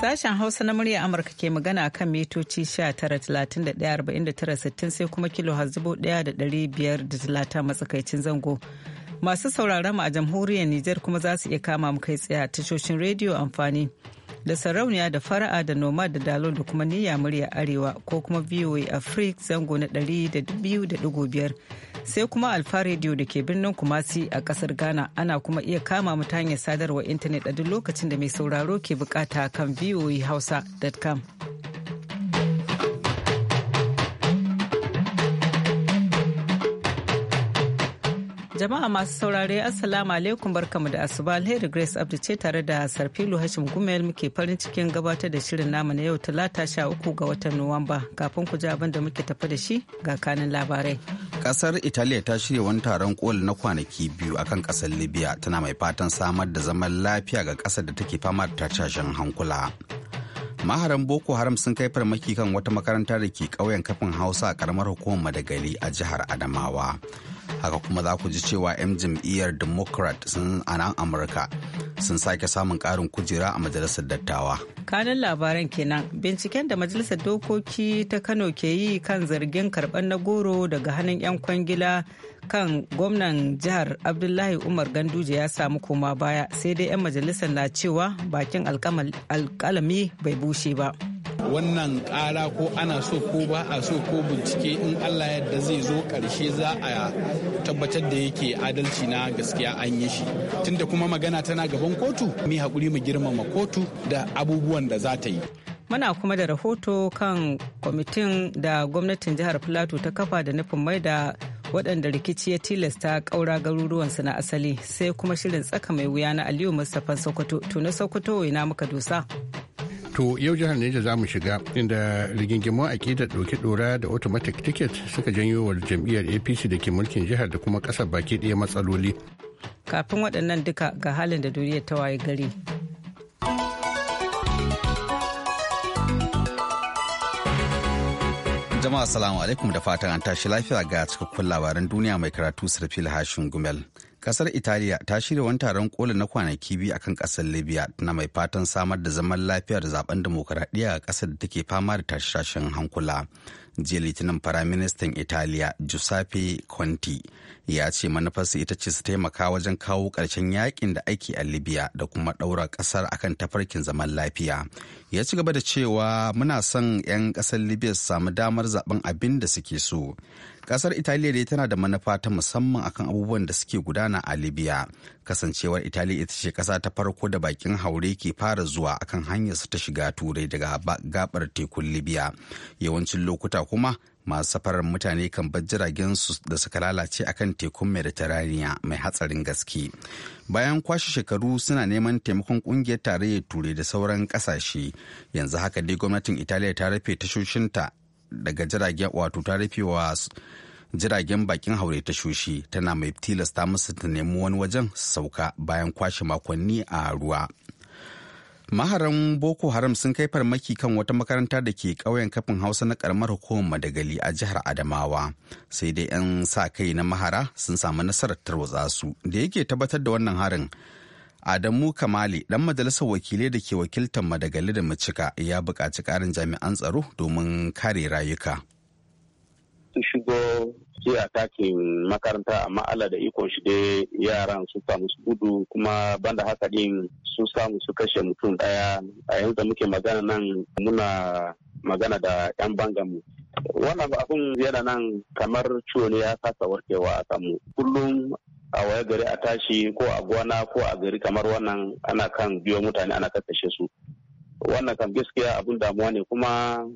Sashen Hausa na murya Amurka ke magana kan mitoci 19,31,49,60 sai kuma kilo da 1,530 matsakaicin zango. Masu sauraron mu a jamhuriyar Nijar kuma za su iya kama mu kai tsaye a tashoshin rediyo amfani da sarauniya da fara'a da noma da dalo da kuma niyya murya arewa ko kuma VOA afrik zango na da biyar. sai kuma alfa radio da ke birnin kumasi a kasar ghana ana kuma iya kama mu ta hanyar sadarwar intanet a duk lokacin da mai sauraro ke bukata kan voahausa.com Jama'a masu saurare Assalamu alaikum barkamu da asuba alheri Grace Abdu ce tare da Sarfilu Hashim Gumel muke farin cikin gabatar da shirin namu na yau talata sha uku ga watan Nuwamba kafin ku ji abin da muke tafi da shi ga kanin labarai. Kasar Italiya ta shirya wani taron koli na kwanaki biyu akan kasar Libya tana mai fatan samar da zaman lafiya ga kasar da take fama da tashashen hankula. maharan boko haram sun kai farmaki kan wata makaranta da ke ƙauyen kafin hausa a karamar hukumar madagali a jihar adamawa haka kuma za ku ji cewa 'yan jam'iyyar democrat sun a nan amurka sun sake samun karin kujera a majalisar dattawa kanin labaran kenan binciken da majalisar dokoki ta kano ke yi kan zargin karɓar na goro daga hannun 'yan kwangila kan gwamnan jihar abdullahi umar ganduje ya samu koma baya sai dai 'yan majalisar na cewa bakin alkalami bai bushe ba. wannan kara ko ana so ko ba a so ko bincike in allah yadda zai zo karshe za a tabbatar da yake adalci na gaskiya an yi shi tunda kuma magana tana gaban kotu mu hakuri mu girmama kotu da abubuwan da za ta yi muna kuma da rahoto kan kwamitin da gwamnatin jihar filato ta kafa da nufin mai da waɗanda rikici ya tilasta ƙaura garuruwansu na asali sai kuma shirin tsaka mai wuya na aliyu mustapha sokoto tuna sokoto ina muka dusa. To yau jihar Neja za mu shiga inda rigingimu aƙidar ɗauki ɗora da automatic ticket suka janyo wa jam'iyyar APC da ke mulkin jihar da kuma ƙasar baki ɗaya matsaloli. Kafin waɗannan duka ga halin da duniya ta waye gari. Jama'a salamu alaikum da fatan an tashi lafiya ga cikakkun labaran duniya mai karatu Sarfil Hashin Gumel. kasar italiya ta shirya wani taron kola na kwanaki biyu akan kasar libya na mai fatan samar da zaman lafiya da zaben demokaradiyya a kasar da take fama da tashe hankula jiya litinin firaministan italiya giuseppe conti ya ce manufarsa ita ce su taimaka wajen kawo ƙarshen yakin da aiki a libya da kuma ɗaura ƙasar akan tafarkin zaman lafiya ya ci gaba da cewa muna son 'yan ƙasar libya su samu damar zaben abin da suke so Kasar Italiya dai tana da manufa ta musamman akan abubuwan da suke gudana a Libya. Kasancewar Italiya ita ce kasa ta farko da bakin haure ke fara zuwa akan hanyar su ta shiga turai daga gabar tekun Libya. Yawancin lokuta kuma masu safarar mutane kan bar jiragen su da suka lalace akan tekun mediterania mai hatsarin gaske bayan kwashe shekaru suna neman taimakon kungiyar tarayyar turai da sauran kasashe yanzu haka dai gwamnatin italiya ta rufe tashoshinta daga jiragen wato ta rufe wa jiragen bakin haure ta shoshi tana mai tilasta musu ta nemi wani wajen sauka bayan kwashe makonni a ruwa maharan boko haram sun kai farmaki kan wata makaranta da ke ƙauyen kafin hausa na karamar hukumar madagali a jihar adamawa sai dai 'yan sa kai na mahara sun samu nasarar tarwatsa su da yake tabbatar da wannan harin Adamu kamali dan majalisar wakilai da ke wakiltar Madagali da Macika ya buƙaci ƙarin jami'an tsaro domin kare rayuka. Su shigo a takin makaranta amma Allah da ikon shi dai yaran su samu su gudu kuma banda haka din su samu su kashe mutum ɗaya a yanzu muke magana nan muna magana da yan bangamu wannan abun yana nan kamar ciwo ne ya kasa warkewa a samu kullum a waya gari a tashi ko a gona ko a gari kamar wannan ana kan biyo mutane ana kakkashe su wannan kam gaskiya abin damuwa ne kuma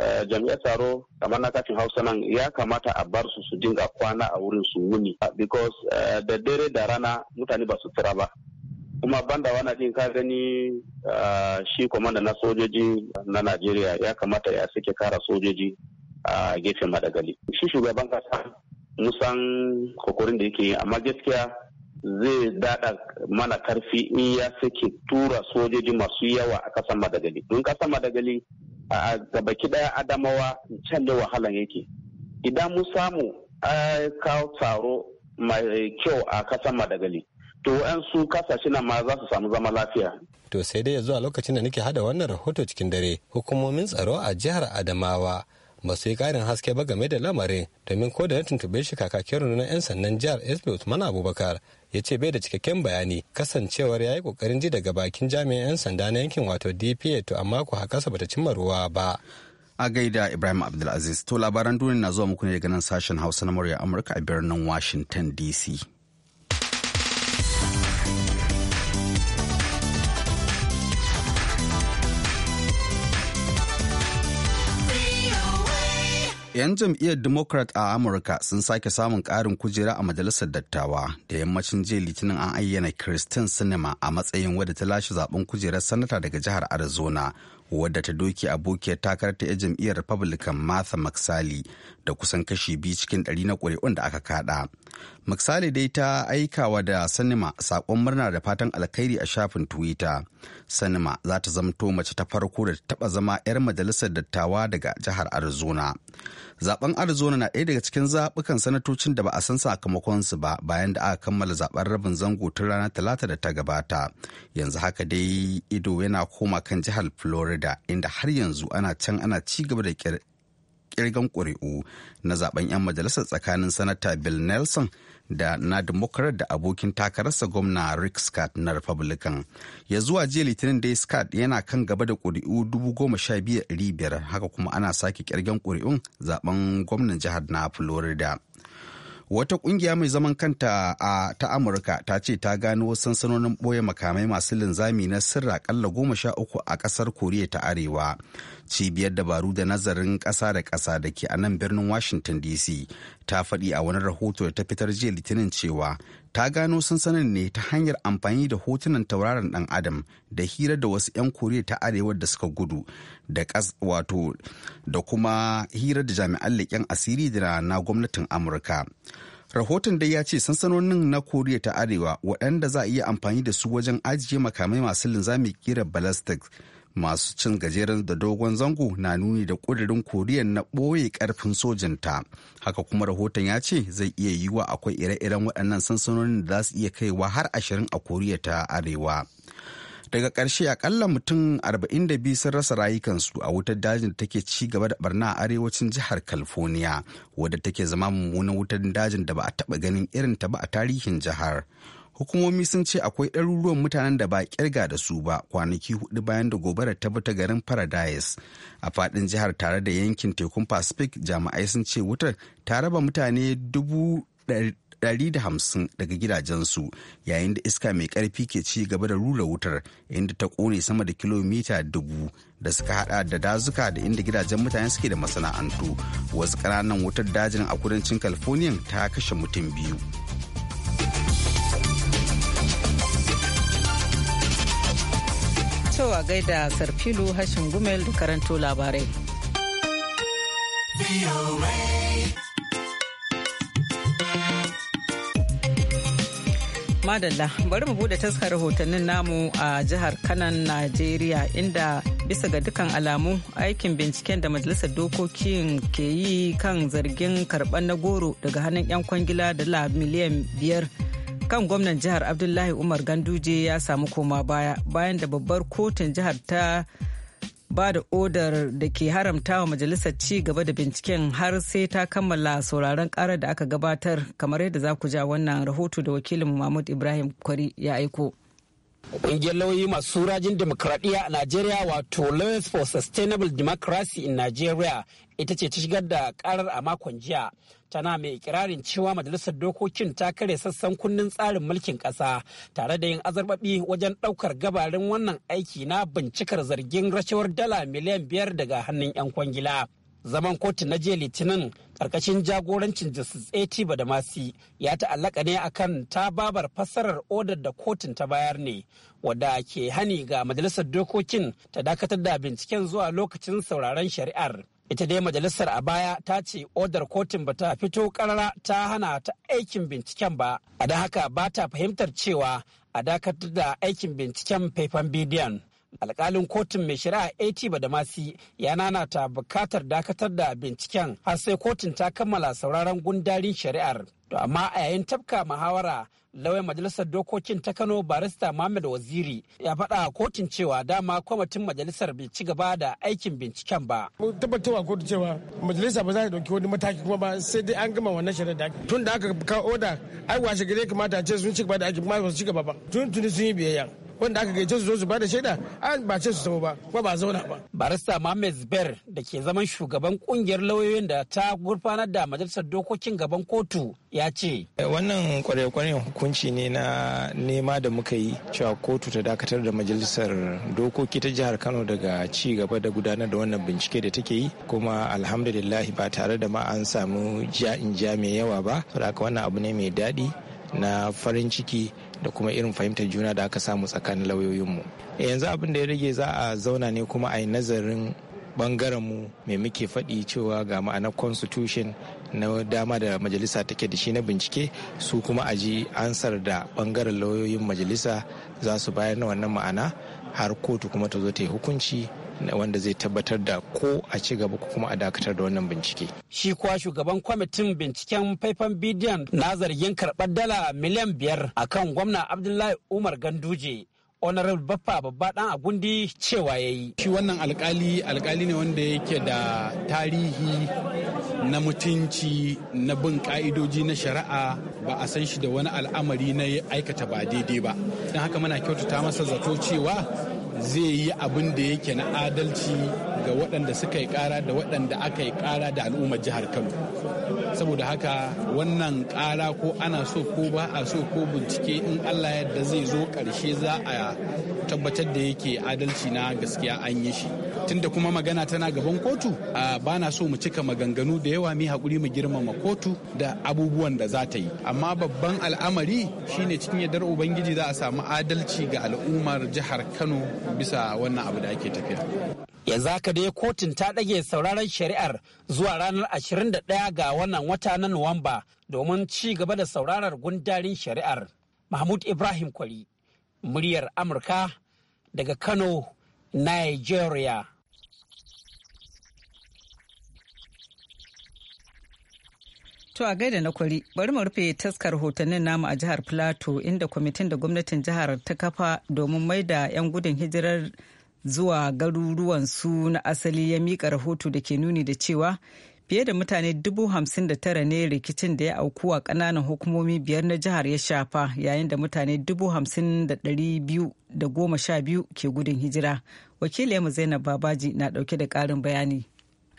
eh, jami'ar tsaro kamar na kafin hausa nan ya kamata a bar su su dinga kwana a wurin su wuni because eh, da dare da rana mutane ba su tsira ba kuma banda wani din ka gani eh, shi kwamanda na sojoji na najeriya ya kamata ya sake kara sojoji a gefen madagali shi shugaban kasa musan kokorin da yake yi amma gaskiya zai dada mana karfi in ya sake tura sojoji masu yawa a kasan madagali don kasan madagali a gabaki daya adamawa can da wahalan yake idan mun samu kawo taro mai kyau a kasan madagali to su kasashe na ma za su samu zama lafiya. To sai dai zuwa lokacin da nake hada wannan rahoto cikin dare hukumomin tsaro a jihar Adamawa ba su yi karin haske ba game da lamarin domin ko da na tuntube shi kakakin rundunar 'yan sannan jihar sb usman abubakar ya ce bai da cikakken bayani kasancewar ya yi ƙoƙarin ji daga bakin jami'an 'yan sanda na yankin wato dpa to amma ku hakasa bata cimma ruwa ba a gaida ibrahim abdulaziz to labaran duniya na zuwa muku ne daga nan sashen hausa na murya amurka a birnin washington dc 'Yan jam'iyyar Democrat a Amurka sun sake samun ƙarin kujera a majalisar dattawa da yammacin jiya litinin an ayyana Christine Sinema a matsayin wadda ta lashe zaben kujerar sanata daga jihar Arizona wadda ta doke abokiyar takarar ta jam'iyyar republican martha mcsally da kusan kashi biyu cikin ɗari na kuri'un da aka kada mcsally dai ta aikawa da sanima saƙon murna da fatan alkhairi a shafin twitter sanima za ta zamto mace ta farko da ta taɓa zama 'yar majalisar dattawa daga jihar arizona zaben arizona na ɗaya daga cikin zaɓukan sanatocin da ba a san sakamakonsu ba bayan da aka kammala zaben rabin zango tun rana talata da ta gabata yanzu haka dai ido yana koma kan jihar florida inda har yanzu ana can ana ci gaba da kirgan ƙuri'u na zaben 'yan majalisar tsakanin sanata bill nelson da na democrat da abokin takararsa gwamna rick scott na republican ya zuwa jiya litinin dai scott yana kan gaba da ƙuri'u 12,500 haka kuma ana sake kirgen ƙuri'un zaben gwamnan jihar na florida wata kungiya mai zaman kanta a ta amurka ta ce ta gano sansanonin ɓoye makamai masu linzami na sirra kalla goma sha uku a ƙasar koriya ta arewa cibiyar dabaru da nazarin ƙasa da ƙasa da ke a nan birnin washington dc ta faɗi a wani rahoto da ta fitar jiya litinin cewa ta gano sansanin ne ta hanyar amfani da hotunan tauraron dan adam da hira da wasu 'yan koriya ta arewa da suka gudu da wato da kuma hira da jami'an leƙen asiri da na gwamnatin amurka rahoton dai ya ce sansanonin na koriya ta arewa waɗanda za a iya amfani da su wajen ajiye makamai masu linzami kira balastik. masu cin gajeren da dogon zango na nuni da kudurin koriya na ɓoye karfin sojinta haka kuma rahoton ya ce zai iya yiwuwa akwai ire-iren waɗannan sansanonin da za su iya kaiwa har ashirin a koriya ta arewa daga ƙarshe akalla mutum 42 sun rasa rayukansu a wutar dajin da take ci gaba da barna a arewacin jihar california wadda take zama mummunan wutar dajin da ba a taɓa ganin irin ta ba a tarihin jihar hukumomi sun ce akwai ɗaruruwan mutanen da ba kirga da su ba kwanaki hudu bayan da gobarar ta bi ta garin paradise a fadin jihar tare da yankin tekun pacific jami'ai sun ce wutar ta raba mutane dubu hamsin daga gidajensu yayin da iska mai ƙarfi ke ci gaba da rura wutar inda ta kone sama da kilomita dubu da suka hada da dazuka da inda gidajen mutane suke da masana'antu wasu ƙananan wutar dajin a kudancin california ta kashe mutum biyu fitowa a gaida Sarfilu Hashin Gumel da karanto labarai. Madalla bari mu bude taskar rahotannin namu a jihar Kanan, Najeriya inda bisa ga dukkan alamu aikin binciken da majalisar dokokin ke yi kan zargin karɓar na goro daga hannun 'yan kwangila da miliyan biyar. kan gwamnan jihar abdullahi umar ganduje ya samu koma baya bayan da babbar kotun jihar ta ba da odar da ke haramta wa majalisar ci gaba da binciken har sai ta kammala sauraron karar da aka gabatar kamar yadda za ku ja wannan rahoto da wakilin mahmud ibrahim kwari ya aiko Ƙungiyar lauyi masu rajin demokradiyya a Najeriya wato Lawyers for Sustainable Democracy in Nigeria ita ce ta shigar da karar a makon jiya tana mai ikirarin cewa majalisar dokokin ta kare sassan kundin tsarin mulkin kasa tare da yin azarbabi wajen ɗaukar gabarin wannan aiki na bincikar zargin rashawar dala miliyan biyar daga hannun 'yan kwangila zaman kotu na jiya litinin karkashin jagorancin justice at badamasi ya ta'allaka ne akan tababar fassarar odar da kotun ta bayar ne wadda ke hani ga majalisar dokokin ta dakatar da binciken zuwa lokacin sauraron shari'ar ita dai majalisar a baya ta ce odar kotun ba ta fito karara ta hana ta aikin binciken ba a da haka ba ta fahimtar cewa a dakatar da aikin binciken faifan bidiyon alkalin kotun mai shari'a eti badamasi ya nanata bukatar dakatar da binciken har sai kotun ta kammala sauraron gundarin shari'ar to amma a yayin tafka muhawara lauyan majalisar dokokin ta kano barista mohammed waziri ya faɗa a kotun cewa dama kwamitin majalisar bai ci gaba da aikin binciken ba. tabbatarwa kotun cewa majalisa ba za ta ɗauki wani mataki kuma ba sai dai an gama wannan shari'a da ake tun da aka kawo oda ai washe gare kamata a ce sun ci gaba da ake kuma ba su ci gaba ba tun tuni sun yi biyayya wanda aka gaice su zo su bada shaida an ba ce su tafi ba ba zauna ba barista Mohammed Zubair da ke zaman shugaban kungiyar lauyoyin da ta gurfanar da majalisar dokokin gaban kotu ya ce eh, wannan kwarekwaren hukunci ne na nema da muka yi cewa kotu ta dakatar da majalisar dokoki ta jihar Kano daga ci gaba da gudanar da wannan bincike da take yi kuma alhamdulillah ba tare da ma an samu ja in mai yawa ba saboda wannan abu ne mai daɗi na farin ciki da kuma irin fahimtar juna da aka samu tsakanin lauyoyinmu yanzu abin da ya rage za a zauna ne kuma a yi nazarin mu mai muke faɗi cewa ga ma'anar constitution na dama da majalisa take da shi na bincike su kuma a ji ansar da bangaren lauyoyin majalisa za su bayar na wannan ma'ana har kotu kuma ta zo ta yi hukunci wanda zai tabbatar da ko a ci gaba ko kuma a dakatar da wannan bincike. Shi kuwa shugaban kwamitin binciken faifan bidiyon na zargin karɓar dala miliyan biyar a kan gwamna Abdullahi Umar Ganduje. honorable baffa babba dan agundi cewa ya yi shi wannan alkali alkali ne wanda yake da tarihi na mutunci na bin ka'idoji na shari'a ba a san shi da wani al'amari na aikata ba daidai ba don haka muna kyautata masa zato cewa zai yi abin da yake na adalci ga waɗanda suka yi ƙara da waɗanda aka yi ƙara da al'ummar jihar kano saboda haka wannan kara ko ana so ko ba a so ko bincike in allah yadda zai zo karshe za a tabbatar da yake adalci na gaskiya an yi shi tunda kuma magana tana gaban kotu ba na so mu cika maganganu da yawa mai hakuri mu girmama kotu da abubuwan da za ta yi amma babban al'amari shine cikin yardar ubangiji za a samu adalci ga al'ummar jihar kano bisa wannan abu da ake tafiya yanzu haka dai kotun ta ɗage sauraron shari'ar zuwa ranar 21 ga wannan wannan wata na Nuwamba domin ci gaba da saurarar gundarin shari'ar. Mahmud Ibrahim Kwari, muryar Amurka daga Kano, Nigeria. To a gaida na kwari bari mu rufe taskar hotonin namu a jihar Plateau inda kwamitin da gwamnatin jihar ta kafa domin mai da 'yan gudun hijirar zuwa garuruwansu na asali ya mika rahoto da ke nuni da cewa fiye da mutane dubu hamsin da tara ne rikicin da ya auku a ƙananan hukumomi biyar na jihar ya shafa yayin da mutane dubu hamsin da dari biyu da goma sha biyu ke gudun hijira wakiliyarmu zainab babaji na ɗauke da ƙarin bayani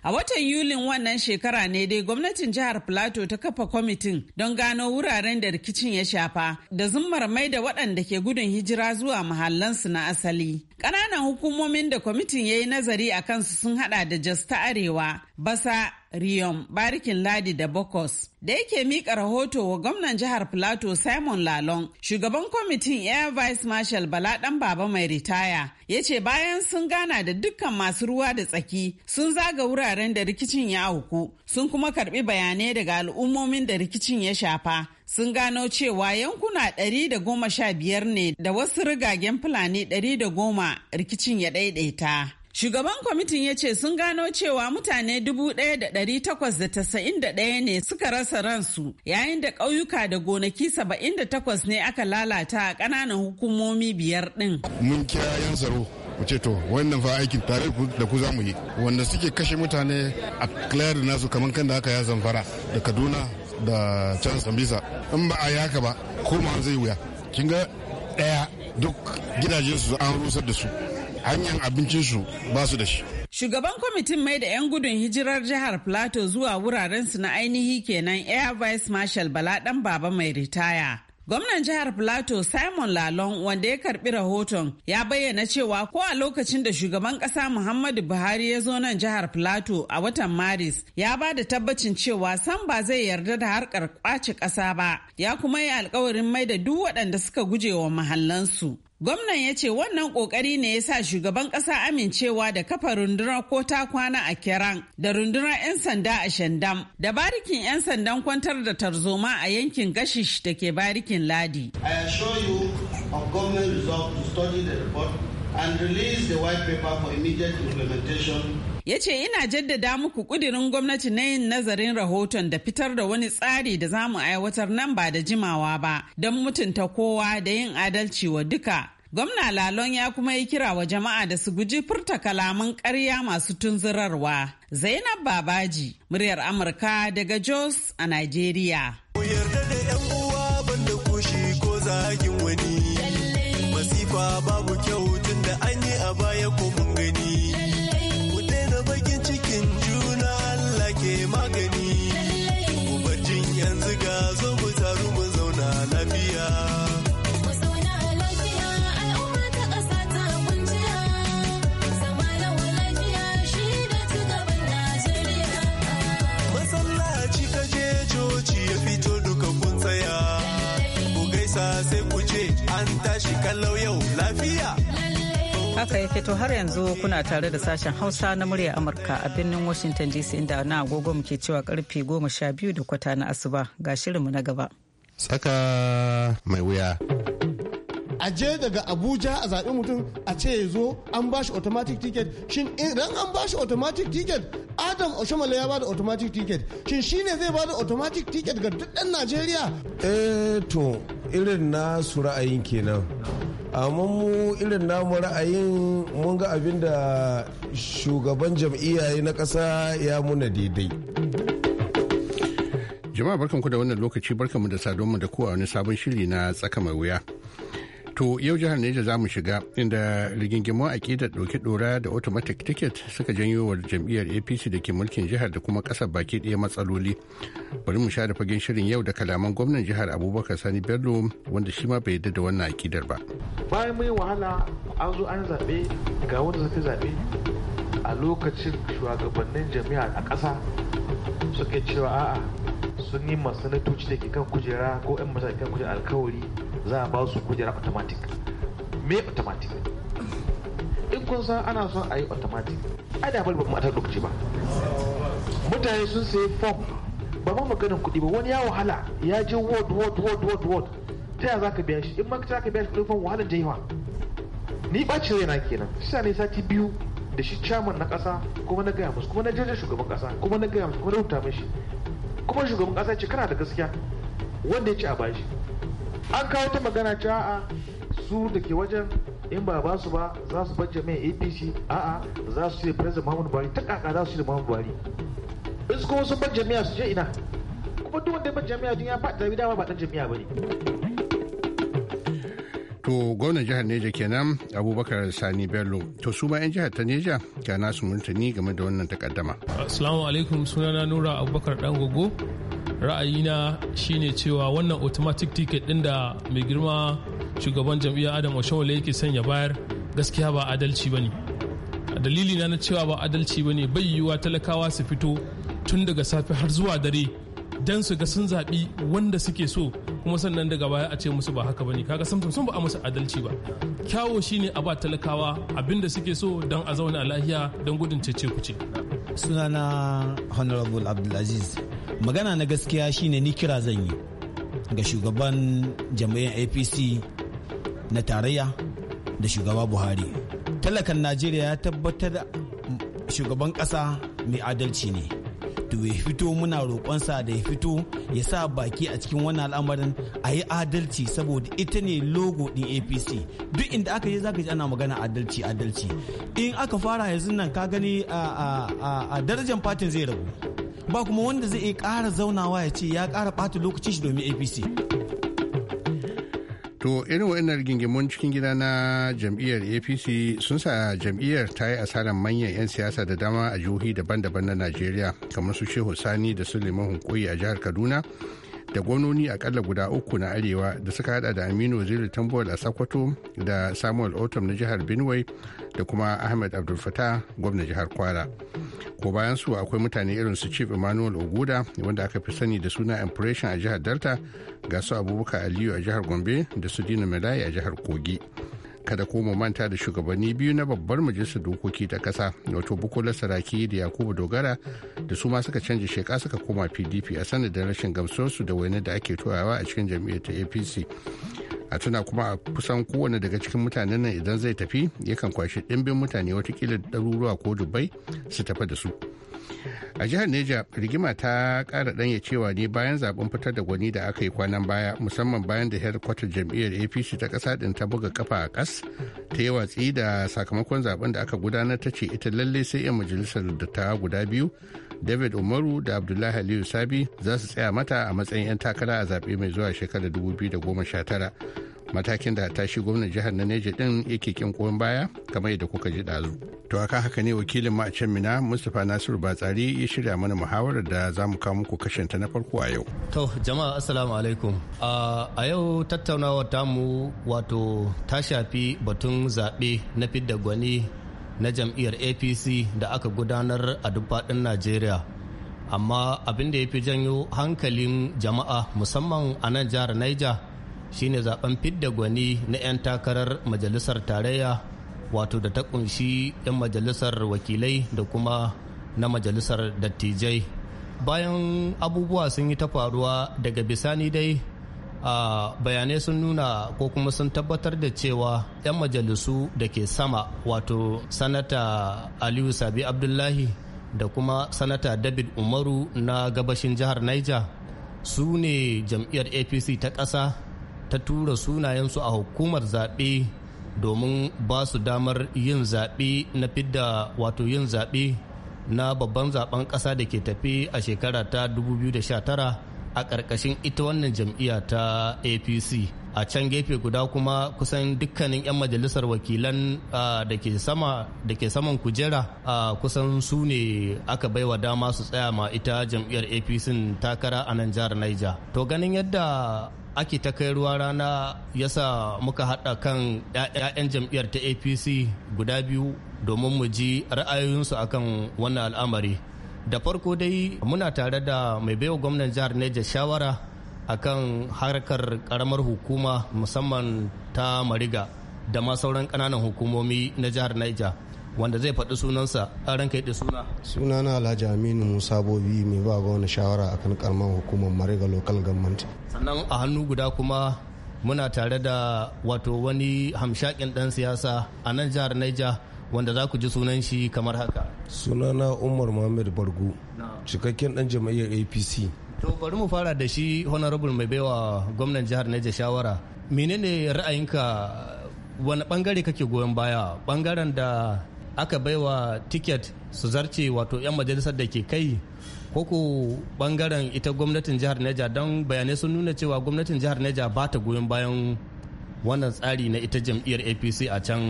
A watan Yulin wannan shekara ne dai gwamnatin jihar Plateau ta kafa kwamitin don gano wuraren da rikicin ya shafa da zummar mai da waɗanda ke gudun hijira zuwa mahallansu na asali. Ƙananan hukumomin da kwamitin ya yi nazari a kansu sun hada da jasta ta Arewa, Basa Riyom Barikin Ladi da Bokos da yake miƙa rahoto wa gwamnan jihar plato Simon Lalong. Shugaban kwamitin Air Vice Marshal Bala dan Baba mai ritaya ya ce bayan sun gana da dukkan masu ruwa da tsaki sun zaga wuraren da rikicin ya auku sun kuma karbi bayanai daga al'ummomin da rikicin ya shafa. Sun gano cewa yankuna da goma sha biyar ne da wasu rigagen Fulani da goma rikicin ya ɗaiɗaita. Shugaban kwamitin ya ce sun gano cewa mutane 1,891 ne suka rasa ransu yayin da ƙauyuka da gonaki 78 ne aka lalata a ƙananan hukumomi biyar ɗin. Mun kira 'yan tsaro mu ce to wannan fa aikin tare da ku zamu yi wanda suke kashe mutane a da nasu kamar kan da aka ya zamfara da kaduna da can sambisa in ba a yaka ba ko ma zai wuya kin ga ɗaya duk gidajensu an rusar da su hanyar abincinsu ba su da shi Shugaban kwamitin mai da 'yan gudun hijirar jihar Plateau zuwa su na ainihi kenan Air Vice Marshal Bala ɗan baba mai ritaya. Gwamnan jihar Plateau Simon Lalon wanda ya karbi rahoton ya bayyana cewa ko a lokacin da shugaban kasa Muhammadu Buhari ya zo nan jihar Plateau a watan Maris ya ba da tabbacin cewa san ba zai yarda da harkar kwace kasa ba ya kuma yi alkawarin mai da duk waɗanda suka guje wa mahallansu. Gwamnan ya ce wannan kokari ne ya sa shugaban kasa amincewa da kafa rundunar ko ta kwana a Keran da rundunar 'yan sanda a Shandam da barikin 'yan sandan kwantar da tarzoma a yankin Gashish da ke barikin Ladi. I assure you of government resolve to study the report and release the white paper for immediate implementation ya ce ina jaddada muku kudirin gwamnati na yin nazarin rahoton da fitar da wani tsari da zamu aiwatar nan ba da jimawa ba don mutunta kowa da yin adalci wa duka gwamna lalon ya kuma yi kira wa jama'a da su guji furta kalaman karya masu tunzurarwa zainab babaji muryar amurka daga jos a nigeria babu kyau kalau yau lafiya. Haka yake to har yanzu kuna tare da sashen Hausa na murya Amurka a birnin Washington DC inda na agogo muke cewa karfe goma sha biyu da kwata na asuba ga shirinmu na gaba. saka mai wuya. a daga abuja a zaɓi mutum a ce ya zo an ba shi automatic ticket shin idan an ba shi automatic ticket adam oshomale ya ba da automatic ticket shin shine zai ba da automatic ticket ga duk ɗan najeriya eh to irin na su ra'ayin kenan amma mu irin namu ra'ayin mun ga abin da shugaban jam'iyya na kasa ya muna daidai jama'a barkanku da wannan lokaci barkanmu da sadonmu da kowa wani sabon shiri na tsaka mai wuya To yau jihar Neja za mu shiga inda rigingimu aƙidar ɗauki ɗora da automatic ticket suka janyo wa jam'iyyar APC da ke mulkin jihar da kuma ƙasar baki ɗaya matsaloli. Bari mu sha da fagen shirin yau da kalaman gwamnan jihar Abubakar Sani Bello wanda shi ma bai yarda da wannan aƙidar ba. Bayan mai wahala an zo an zaɓe ga wanda suka zaɓe a lokacin shugabannin jami'a a ƙasa suke cewa a'a sun yi masanatoci da ke kan kujera ko 'yan masu kan kujera alkawari za a ba su kujera automatic me automatic in kun san ana son a yi automatic ai da bari ba matar lokaci ba mutane sun sayi form ba ma maganin kuɗi ba wani ya wahala ya je word word word word word ta yaya za ka biya shi in ma za ka biya shi kuɗin wahalar da yawa ni ba ci raina kenan shi ne sati biyu da shi chairman na ƙasa kuma na gaya musu kuma na jirgin shugaban ƙasa kuma na gaya musu kuma na rubuta mishi kuma shugaban ƙasa ce kana da gaskiya wanda ya ci a bashi an kawo ta magana cewa a su da ke wajen in ba ba su ba za su bajja Jami'in apc a'a za su yi president mahmud buhari ta kaka za su yi mahmud buhari in su kuma sun bar jami'a su je ina kuma duk wanda ya bar jami'a duniya ba ta dama ba dan jami'a ba ne. to gwamnan jihar neja kenan abubakar sani bello to su ma 'yan jihar ta neja ga nasu murtani game da wannan takaddama. assalamu alaikum sunana nura abubakar dan gogo ra'ayina shine cewa wannan automatic ticket din da mai girma shugaban jam'iyya adam oshawale yake sanya bayar gaskiya ba adalci ba ne dalili na cewa ba adalci ba ne bai yiwuwa talakawa su fito tun daga safe har zuwa dare don su ga sun zaɓi wanda suke so kuma sannan daga baya a ce musu ba haka bane kaga samsam sun ba a musu adalci ba kyawo shine a ba talakawa abinda suke so dan a zauna a lahiya don gudun cece kuce sunana honorable abdulaziz magana na gaskiya shine ni kira zan yi ga shugaban jam'iyyar apc na tarayya da shugaba buhari talakan najeriya ya tabbatar shugaban ƙasa mai adalci ne to ya fito muna roƙonsa da ya fito ya sa baki a cikin wannan al'amarin a yi adalci saboda ita ne logo din apc duk inda aka yi zaka ji ana magana adalci adalci in aka fara yanzu nan ka gani a darajar fatin zai ragu. ba kuma wanda zai iya ƙara zaunawa ya ce ya kara bata lokaci shi domin apc to irin wa'annan rigingimun cikin gida na jam'iyyar apc sun sa jam'iyyar ta yi asarar manyan 'yan siyasa da dama a jihohi daban-daban na najeriya kamar su shehu sani da suleiman hunkoyi a jihar kaduna da gwamnoni akalla guda uku na arewa da suka hada da aminu waziri tambuwal a sakwato da samuel otom na jihar benue da kuma ahmed abdulfatah gwamnan jihar kwara ko bayan su akwai mutane irin su chief emmanuel oguda wanda aka fi sani da suna impression a jihar delta ga su abubakar aliyu a jihar gombe da su dina malayi a jihar kogi kada ko manta da shugabanni biyu na babbar majalisar dokoki ta kasa wato bukola saraki da yakubu dogara da su ma suka canja sheka suka koma pdp a sanadin rashin gamsuwarsu da wani da ake toyawa a cikin jam'iyyar ta apc a tuna kuma a kusan kowane daga cikin mutanen nan idan zai tafi yakan kwashi ɗimbin mutane watakila ɗaruruwa ko dubbai su tafi da su a jihar neja rigima ta kara ɗanya cewa ne bayan zaben fitar da gwani da aka yi kwanan baya musamman bayan da headquarter jam'iyyar apc ta ƙasa ɗin ta buga kafa a ƙas ta yi watsi da sakamakon zaben da aka gudanar ta ce ita lalle sai 'yan majalisar da ta guda biyu david umaru da abdullahi aliyu sabi za su tsaya mata a matsayin 'yan takara a zaɓe mai zuwa shekarar 2019 matakin da ta shi gwamnan jihar na neja din yake kin koyon baya kamar yadda kuka ji ɗazu to aka haka ne wakilin ma a can mina mustapha nasiru batsari ya shirya mana muhawarar da za mu kawo muku kashin ta na farko a yau to jama'a assalamu alaikum a yau tattaunawar tamu wato ta shafi batun zaɓe na fidda gwani na jam'iyyar apc da aka gudanar a duk faɗin najeriya amma abin da ya fi janyo hankalin jama'a musamman a nan jihar niger shine zaben fidda gwani na 'yan takarar majalisar tarayya wato da ta kunshi 'yan majalisar wakilai da kuma na majalisar dattijai bayan abubuwa sun yi ta faruwa daga bisani dai A bayanai sun nuna ko kuma sun tabbatar da cewa 'yan majalisu da ke sama wato sanata aliyu sabi abdullahi da kuma sanata david umaru na gabashin jihar niger su ne jam'iyyar apc ta ƙasa ta tura sunayensu a hukumar zaɓe domin ba su damar yin zaɓe na fidda wato yin zaɓe na babban zaben ƙasa da ke tafi a shekara ta 2019 a ƙarƙashin ita wannan jam'iyya ta apc a can gefe guda kuma kusan dukkanin 'yan majalisar wakilan da ke sama da ke saman kujera kusan su ne aka baiwa dama su tsaya ma ita jam'iyyar apc takara a nan jihar niger to ganin yadda ake ta kai ruwa rana yasa muka haɗa kan 'ya'yan jam'iyyar ta apc guda biyu domin mu ji ra'ayoyinsu akan wannan al'amari da farko dai muna tare da mai baiwa gwamnan jihar neja shawara akan harkar karamar hukuma musamman ta mariga da ma sauran kananan hukumomi na jihar neja wanda zai faɗi sunansa a ranka da suna Suna na alhaji aminu musa bobi mai ba wani shawara akan karamar hukumar mariga local government sannan a hannu guda kuma muna tare da wato wani hamshakin dan siyasa a nan jihar naija wanda za ku ji sunan shi kamar haka sunana umar muhammed bargu cikakken dan jam'iyyar apc to bari mu fara da shi honorable mai baiwa gwamnan jihar neja shawara menene ra'ayinka wani bangare kake goyon baya bangaren da aka baiwa tiket su zarce wato 'yan majalisar da ke kai koko bangaren ita gwamnatin jihar neja don bayanai sun nuna cewa gwamnatin jihar neja ba ta goyon bayan wannan tsari na ita jam'iyyar apc a can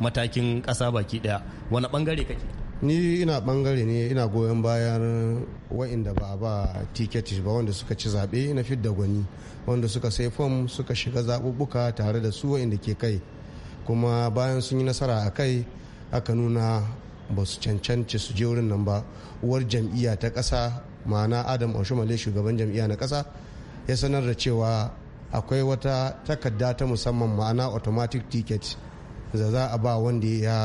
matakin ƙasa baki ɗaya wani ɓangare kake ni ina bangare ne ina goyon bayan wa'inda ba a ba tiketi ba wanda suka ci zaɓe na fidda gwani wanda suka sai fom suka shiga zaɓuɓɓuka tare da su wa'inda ke kai kuma bayan sun yi nasara a kai aka nuna ba su cancanci su je wurin nan ba uwar jam'iyya ta ƙasa ma'ana adam oshumale shugaban jam'iyya na ƙasa ya sanar da cewa akwai wata takarda ta musamman ma'ana automatic ticket za a ba wanda ya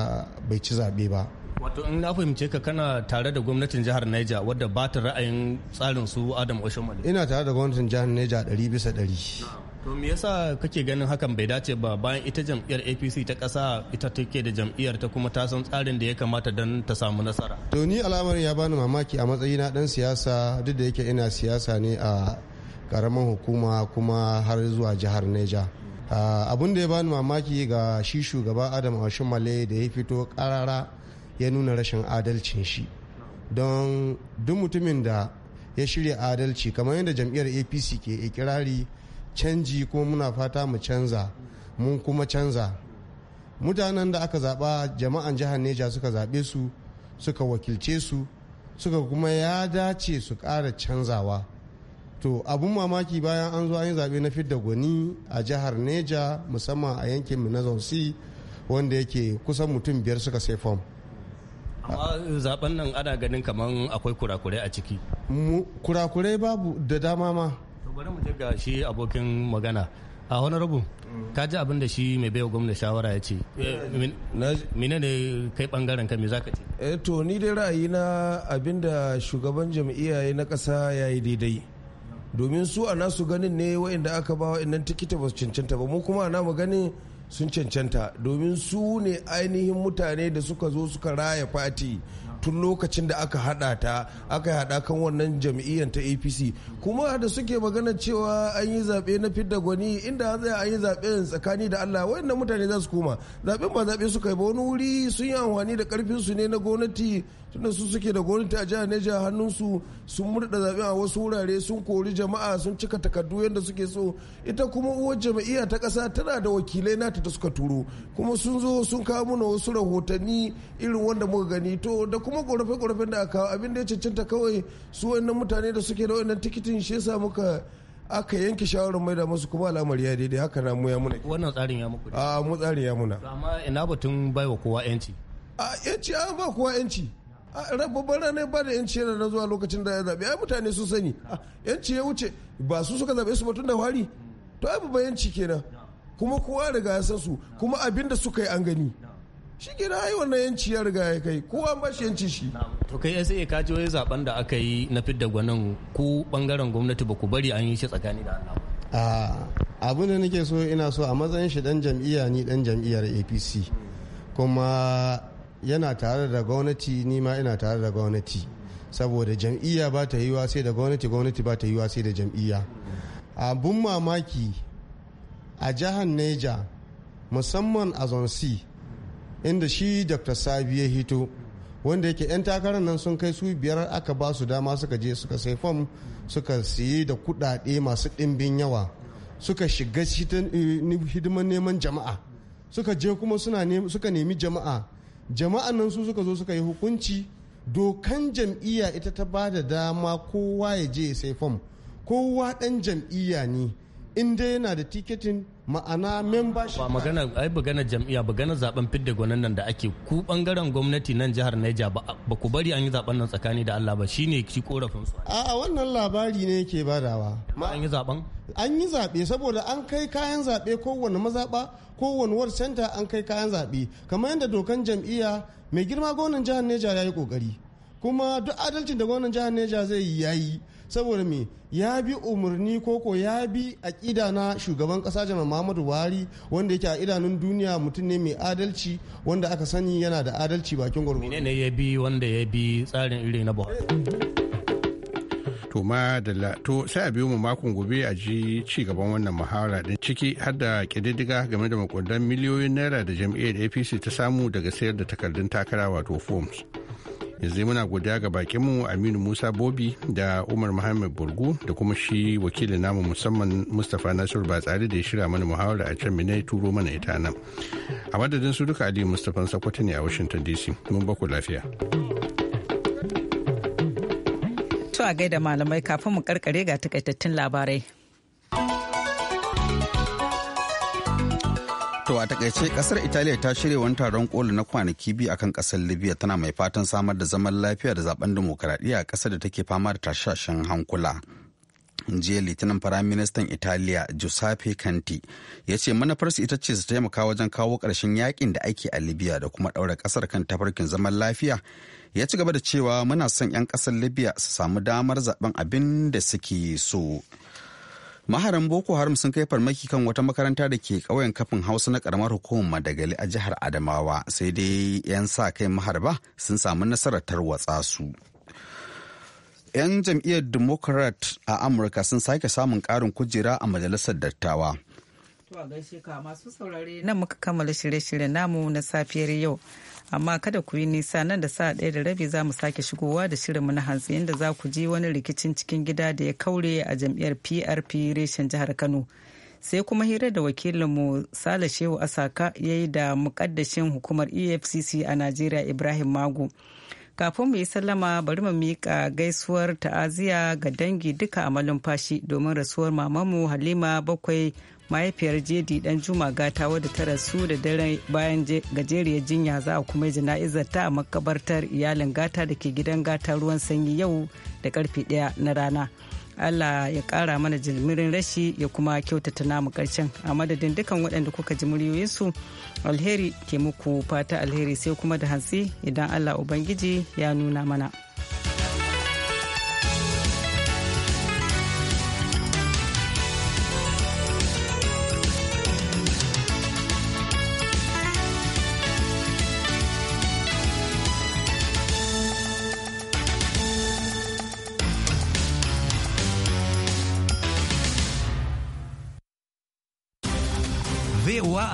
bai ci zaɓe ba wato in na fahimce ka kana tare da gwamnatin jihar Niger wadda ba ta ra'ayin tsarin su Adam Oshomali. ina tare da gwamnatin jihar Niger ɗari bisa ɗari to me yasa kake ganin hakan bai dace ba bayan ita jam'iyyar APC ta ƙasa ita take da jam'iyyar ta kuma ta san tsarin da ya kamata don ta samu nasara to ni al'amarin ya bani mamaki a na ɗan siyasa duk da yake ina siyasa ne a ƙaramin hukuma kuma har zuwa jihar Niger Ah, abun da ya bani mamaki ga shi shugaba adam a male da ya fito karara ya nuna rashin adalcin shi don duk mutumin da ya shirya adalci kamar yadda jam'iyyar apc ke ikirari canji ko muna fata mu canza mun kuma canza mutanen da aka zaba jama'an jihar neja suka zaɓe su suka wakilce su suka kuma ya dace su ƙara canzawa to abun mamaki bayan an zo an yi zaɓe na fidda gwani a jihar neja musamman a yankin mu na zausi wanda yake kusan mutum biyar suka sai fom amma zaben nan ana ganin kamar akwai kurakurai a ciki kurakurai babu da dama ma bari mu ga shi abokin magana a rabu ka ji abin da shi mai baiwa gwamna shawara ya ce eh, mine ne kai bangaren ka me zaka ce eh, to ni dai ra'ayi na abin da shugaban jam'iyya na kasa ya yi daidai domin su a nasu ganin ne wa'inda aka ba wa'innan tikita ba su cancanta ba mu kuma a namu ganin sun cancanta domin su ne ainihin mutane da suka zo suka raya fati tun lokacin da aka hada ta aka hada kan wannan jam'iyyar ta apc kuma da suke magana cewa an yi zaɓe na fidda gwani inda an an yi zaɓe tsakani da allah wayannan mutane za su koma zaɓen ba zaɓe suka yi ba wani wuri sun yi amfani da karfin su ne na gwamnati tunda su suke da gwamnati a jihar Neja hannunsu sun murda zaɓe a wasu wurare sun kori jama'a sun cika takardu yadda suke so ita kuma uwar jami'a ta ƙasa tana da wakilai nata da suka turo kuma sun zo sun kawo mana wasu rahotanni irin wanda muka gani to da kuma ƙorafe-ƙorafen da aka kawo abin da ya cancanta kawai su wannan mutane da suke da wannan tikitin shi yasa muka aka yanke shawarar mai da masu kuma al'amari ya daidai haka na mu ya muna wannan tsarin ya muku a mu tsarin ya muna amma ina batun baiwa kowa yanci a yanci an ba kowa yanci babban rana ba da yanci yana na zuwa lokacin da ya zaɓe ai mutane sun sani ah, yanci ya wuce ba su suka zaɓe su ba tun da fari to ai babban yanci kenan kuma kowa riga ya san su kuma abin da suka yi an gani shi kenan ai wannan yanci ya riga ya kai kowa ba shi yanci shi to kai sai ka ji wai zaben da aka yi na fidda gwanin ku bangaren gwamnati ba ku bari an yi shi tsakani da Allah abin da nake so ina so a matsayin shi dan jam'iyya ni dan jam'iyyar APC kuma yana tare da gwamnati ni ma ina tare da gwamnati saboda jam'iyya ba ta yi wa sai da gwamnati gwamnati ba ta yi wa sai da jam'iyya abun mamaki a jihar neja musamman a zonsi inda shi dr sabi ya hito wanda yake 'yan takarar nan sun kai su biyar aka ba su dama suka je suka sai fam suka siye da kudade masu ɗimbin yawa suka shiga eh, hidimar neman jama'a suka je kuma suka nemi jama'a jama'an nan su suka zo suka yi hukunci dokan jam'iyya ita ta ba da dama kowa ya je ya sai fom kowa dan jam'iyya ne inda yana da tiketin ma'ana membership ba magana ai magana jam'iyya magana zaben fidda gwanan nan da ake ku bangaren gwamnati nan jihar Niger ba ku bari an yi zaben nan tsakani da Allah ba shine ki korafin su a wannan labari ne yake badawa ma an yi zaben an yi zabe saboda an kai kayan zabe kowanne mazaba kowanne ward center an kai kayan zabe kamar yadda dokan jam'iyya mai girma gwamnan jihar Niger ya yi kokari kuma duk adalcin da gwamnan jihar Niger zai yi yayi saboda me ya bi umarni koko ya bi aƙida na shugaban ƙasa janar muhammadu buhari wanda yake a idanun duniya mutum ne mai adalci wanda aka sani yana da adalci bakin gwargwaro ne ya bi wanda ya bi tsarin iri na buhari to ma da to sai a biyo mu makon gobe a ji ci gaban wannan muhawara din ciki har da kididdiga game da makudan miliyoyin naira da jam'iyyar apc ta samu daga sayar da takardun takara wato forms yanzu muna godiya ga bakinmu aminu musa bobi da umar muhammad burgu da kuma shi wakilin namu musamman mustapha ba tsari da ya shirya mana muhawara a can mina turo mana ita nan a madadin su duka aliyu mustapha sakwata ne a washington dc mun baku lafiya to a gaida malamai kafin mu karkare ga takaitattun labarai To a takaice kasar Italiya ta shirya wani taron koli na kwanaki biyu akan kasar Libya tana mai fatan samar da zaman lafiya da zaben demokaradiyya a kasar da take fama da tashashen hankula. jiya litinin firaministan italiya giuseppe kanti ya ce manufarsu ita ce su taimaka wajen kawo ƙarshen yakin da ake a libya da kuma ɗaura kasar kan tafarkin zaman lafiya ya ci gaba da cewa muna son 'yan ƙasar libya su samu damar zaben abin da suke so maharan boko haram sun kai farmaki kan wata makaranta da ke ƙauyen kafin hausa na karamar hukumar madagali a jihar adamawa sai dai 'yan sa kai maharba sun samu nasarar tarwatsa su 'yan jam'iyyar democrat a amurka sun sake samun karin kujera a majalisar dattawa masu saurare nan muka kammala shirye-shiryen namu na safiyar yau amma kada ku yi nisa nan da sa ɗaya da rabi za mu sake shigowa da shirinmu na hantsi inda za ku ji wani rikicin cikin gida da ya kaure a jam'iyyar prp reshen jihar kano sai kuma hira da wakilinmu sale shehu asaka ya yi da muƙaddashin hukumar efcc a najeriya ibrahim magu kafin mu yi sallama bari mu miƙa gaisuwar ta'aziya ga dangi duka a malumfashi domin rasuwar mamamu halima bakwai mahaifiyar jedi dan juma gata wadda ta rasu da dare bayan gajeriyar jinya za a kuma jana'izar ta a makabartar iyalin gata da ke gidan gata ruwan sanyi yau da karfe daya na rana allah ya kara mana jimirin rashi ya kuma kyautata namu karshen a madadin dukan waɗanda kuka ji muryoyinsu alheri ke muku fata alheri sai kuma da hantsi idan allah ubangiji ya nuna mana.